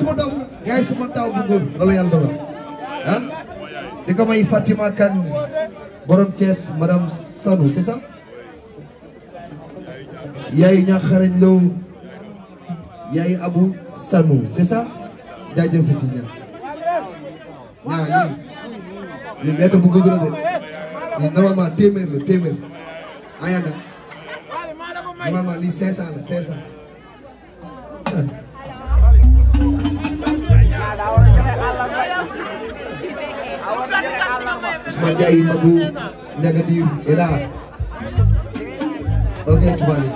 sama doom yaay sama taw bu góor loolu yàlla dogal ah di ko may Fatima borom Thiès madame Sanou c'est ça yaayu ñaa xarañ Lo yaayu Abou Sanou c'est ça jaajëfati ña ñaa lii lii lettre bu la de lii normalement téeméer la téeméer ayaga ah, normalement lii 500 la 500 Ousmane Ndiaye Mabou Ndiaga Dir est là ok Toubani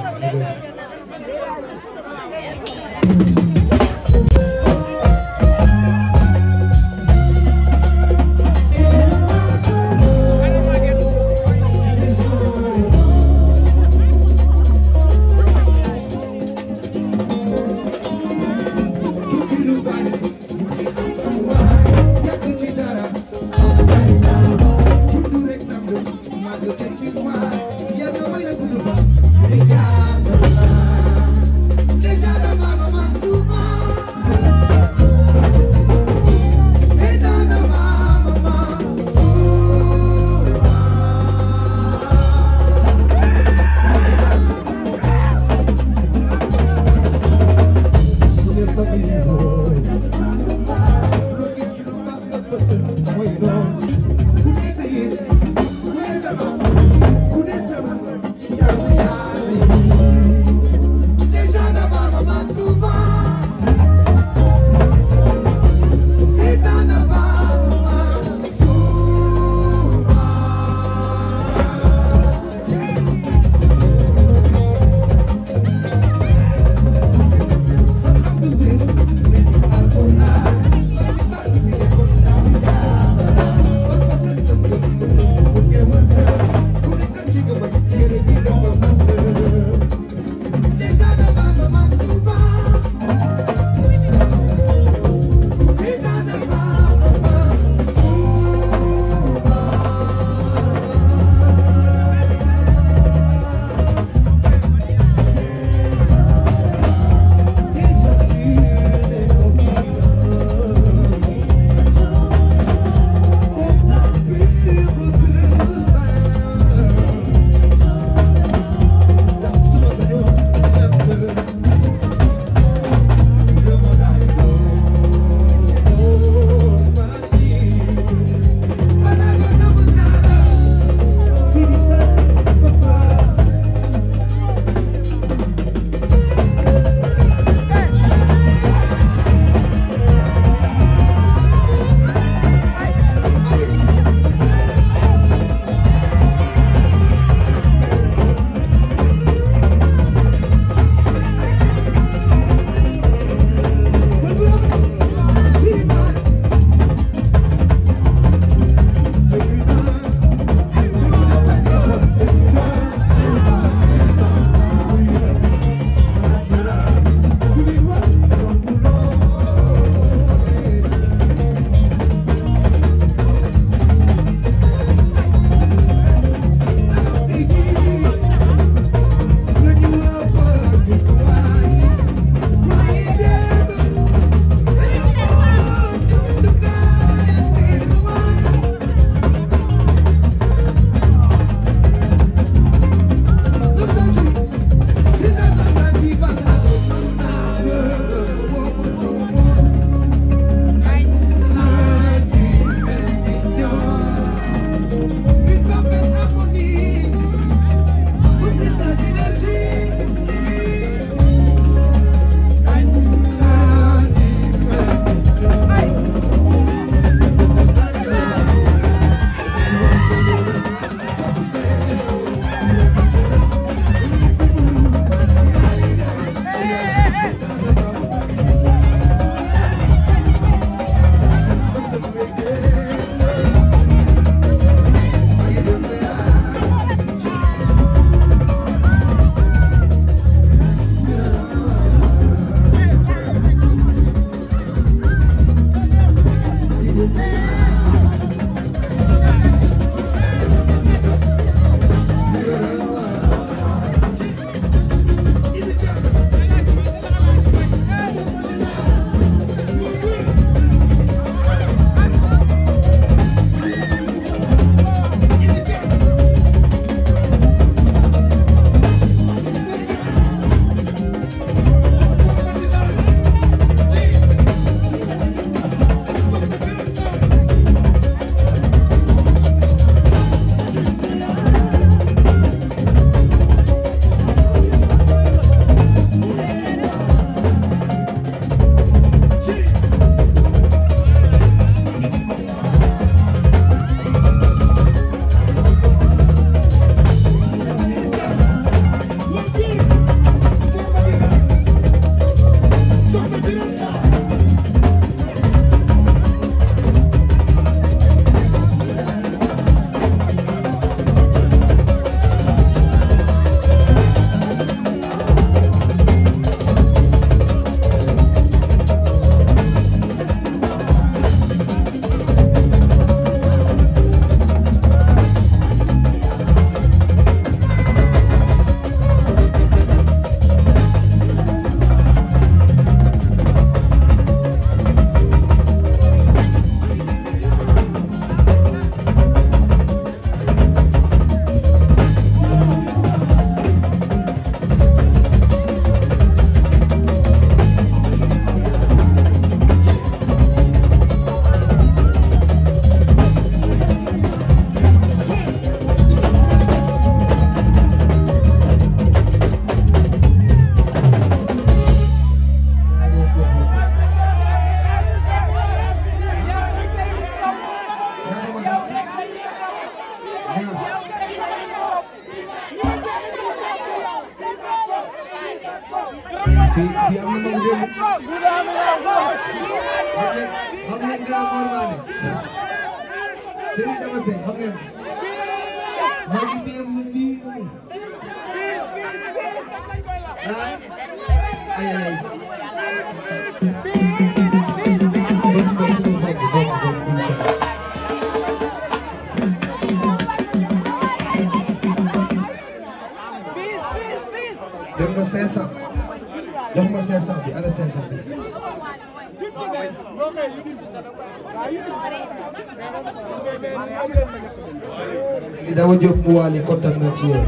bu waali kontaan naa ci yow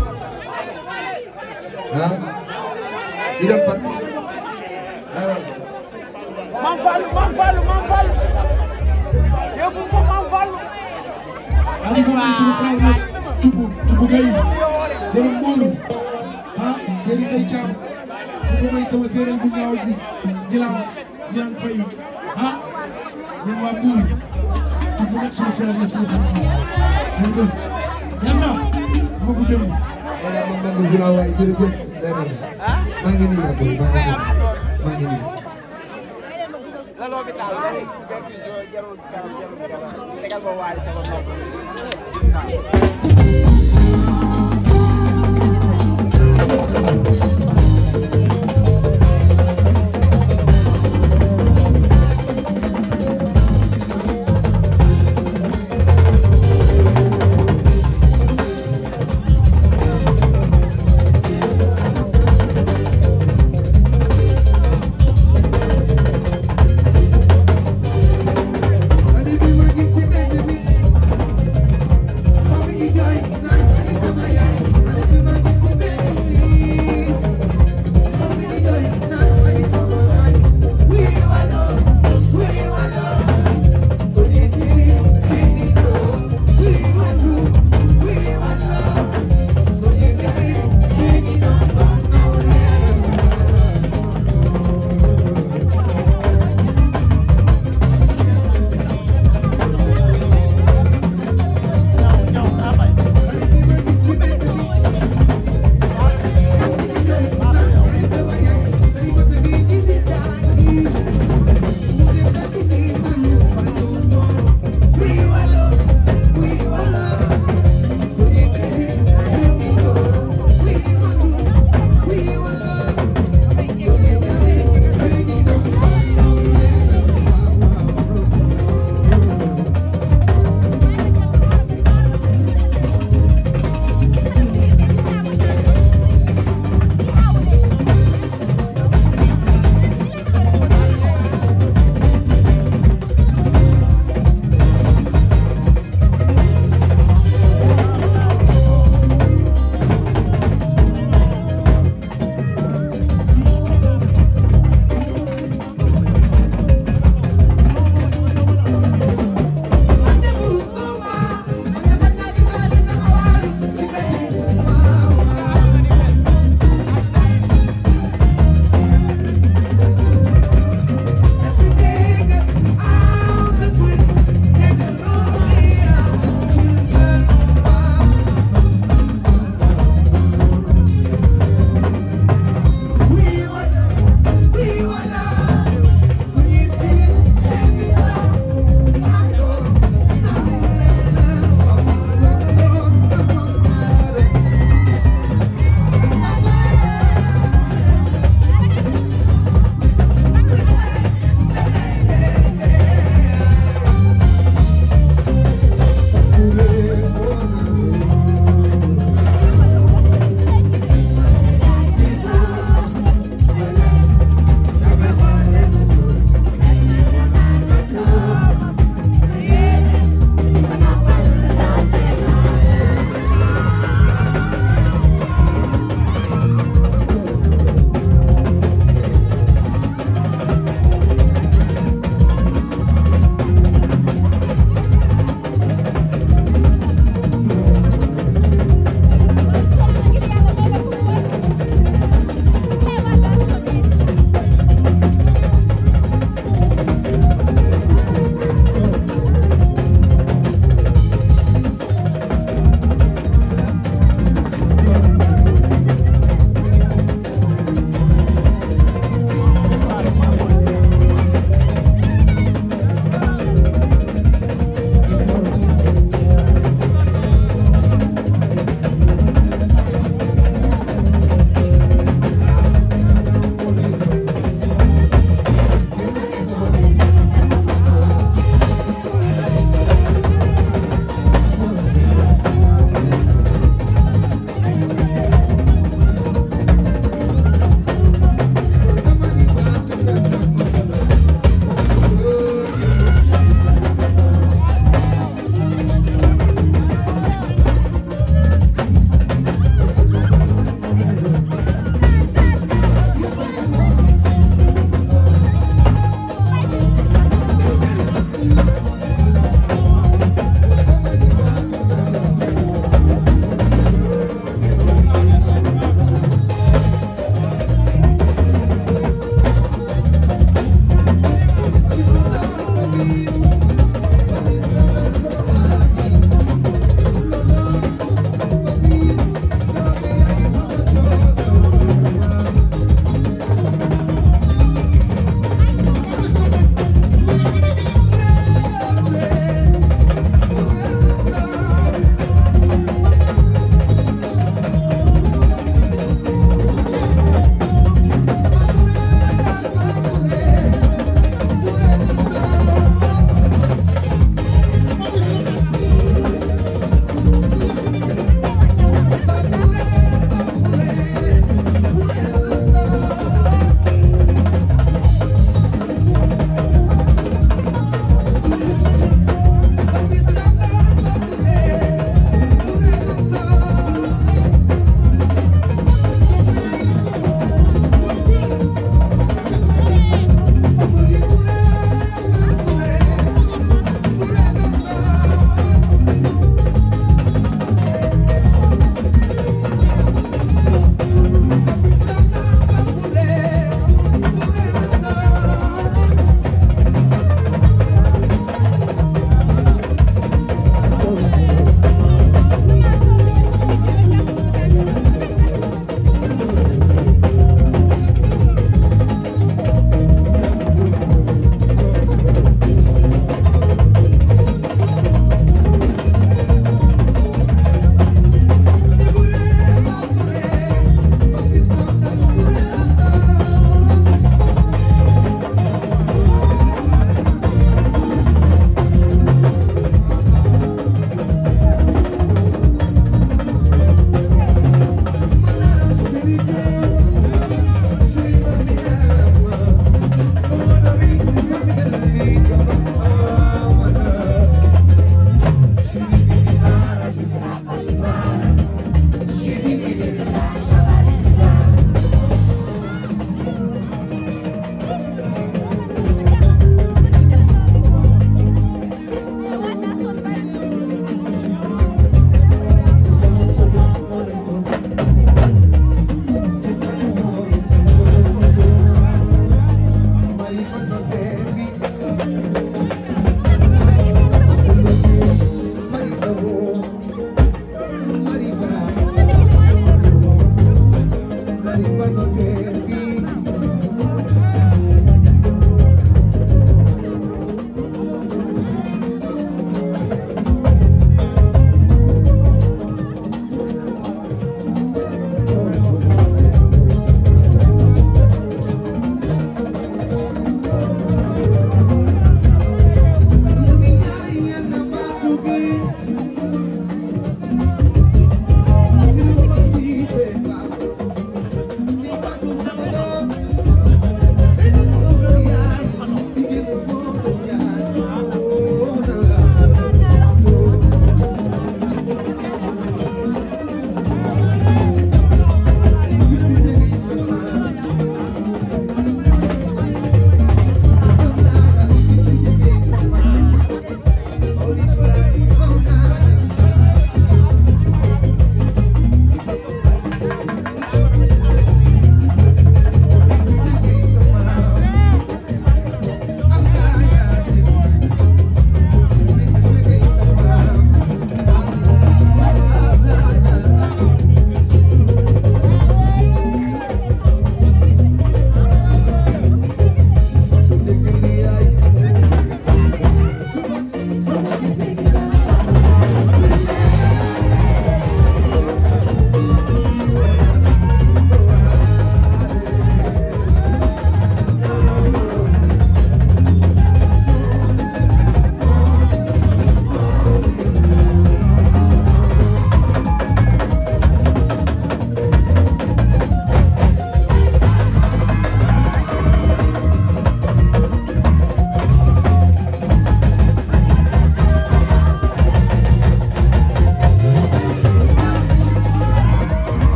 ah di dem fan ah. Mame Fallou Mame Fallou Mame Fallou ko Mame Fallou. waaw di gërëm suñu frère nag Touba Touba Gueye borom Mbour ah Serigne Ndeye Thiam di ko may sama séeréer bu ñaaw bi di laaw di naan fay ah yéen waa Mbour Touba nag suñu frère la jërëjëf day mel maa ngi nii Abdou maa ngi nii maa ngi nii. Thank you.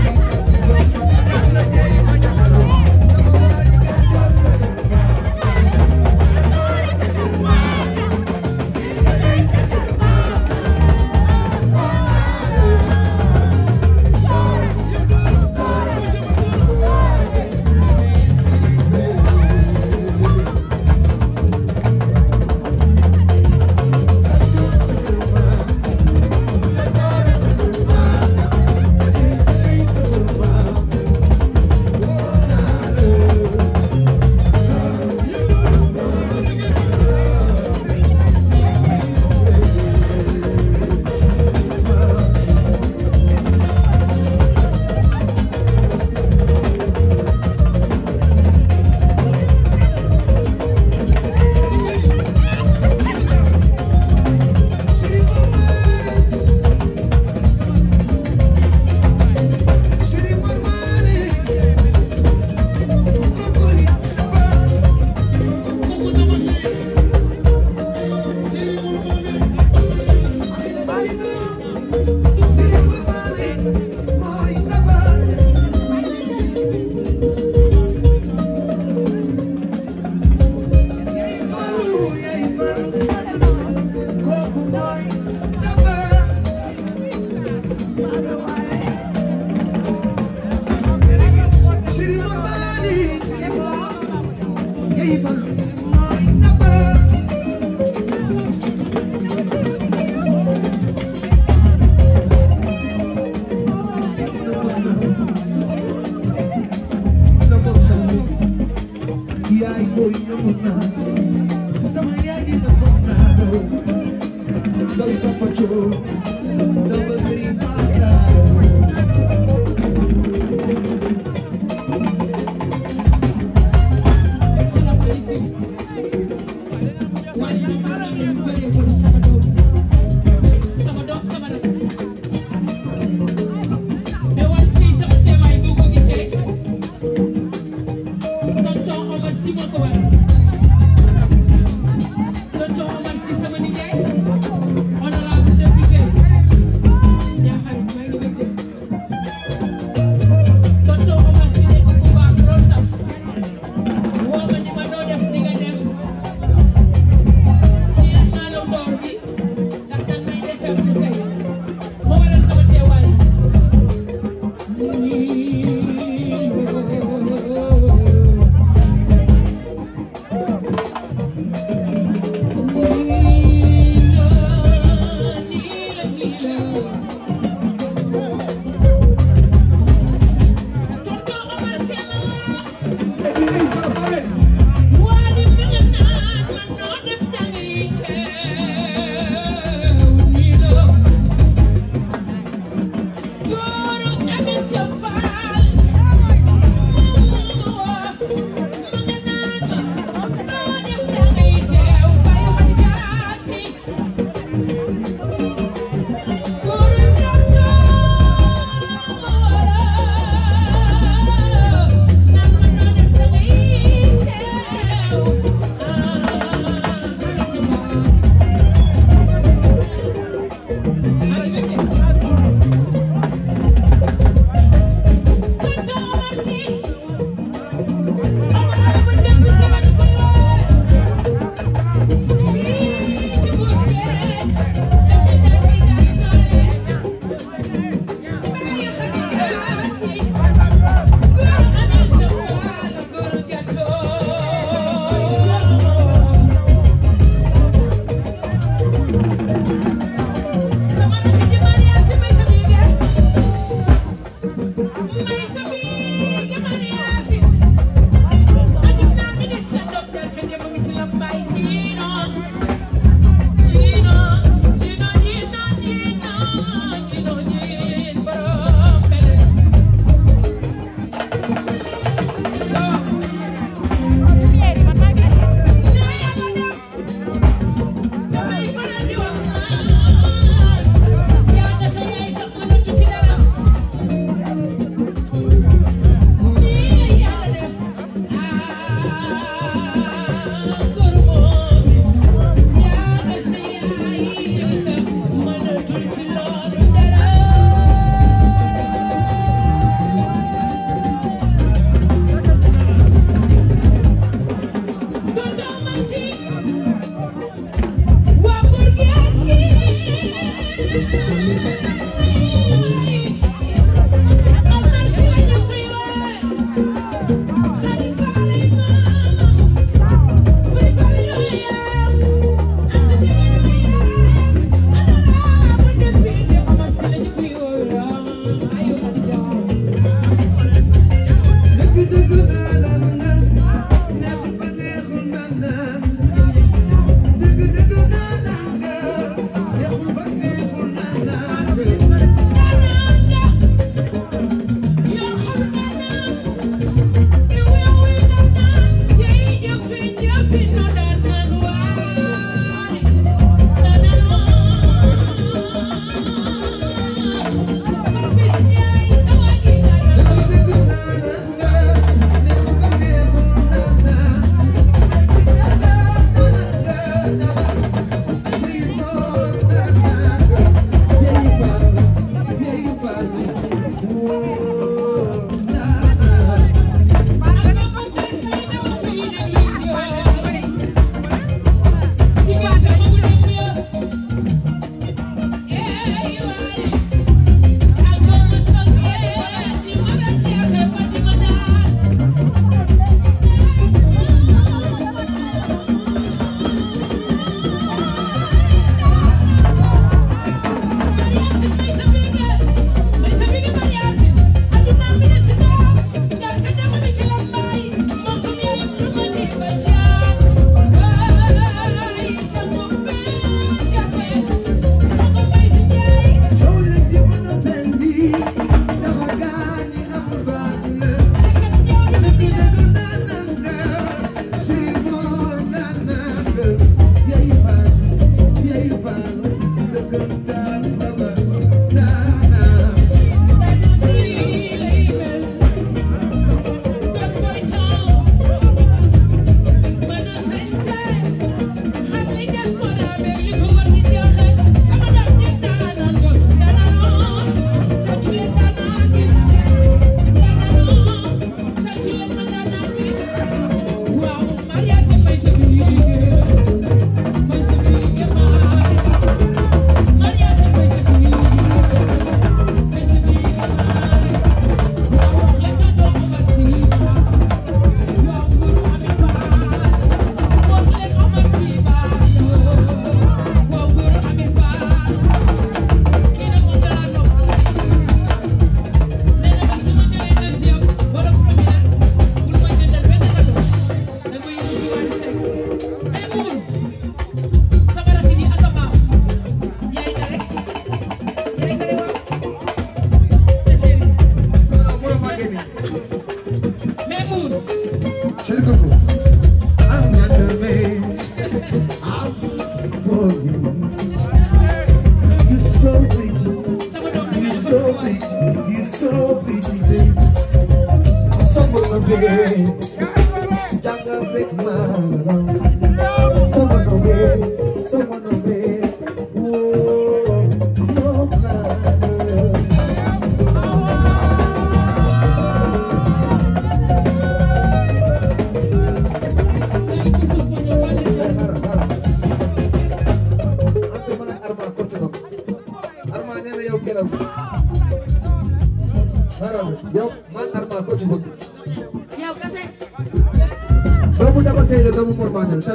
Thank you.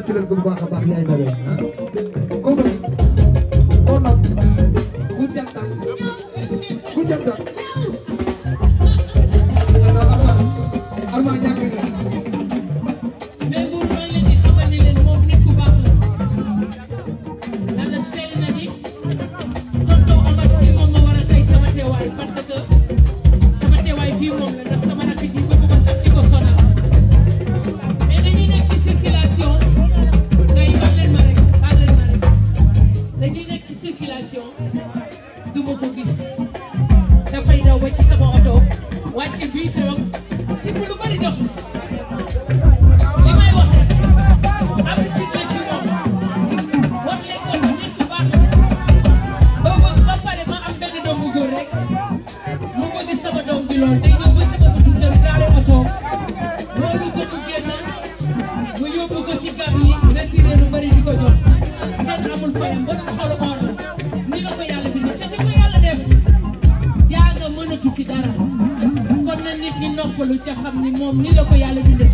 tàcc leen ko bu baax bëgg lool day ñëw ba sama buntu kër oto loolu ko ci génn mu yóbbu ko ci gab yi retiré lu bari di ko jox kenn amul fayam ba mu xolu or ni la ko yàlla bindee ca ni ko yàlla def jaaga mënatu ci dara kon na nit ñi noppalu ca xam ni moom ni la ko yàlla bindee.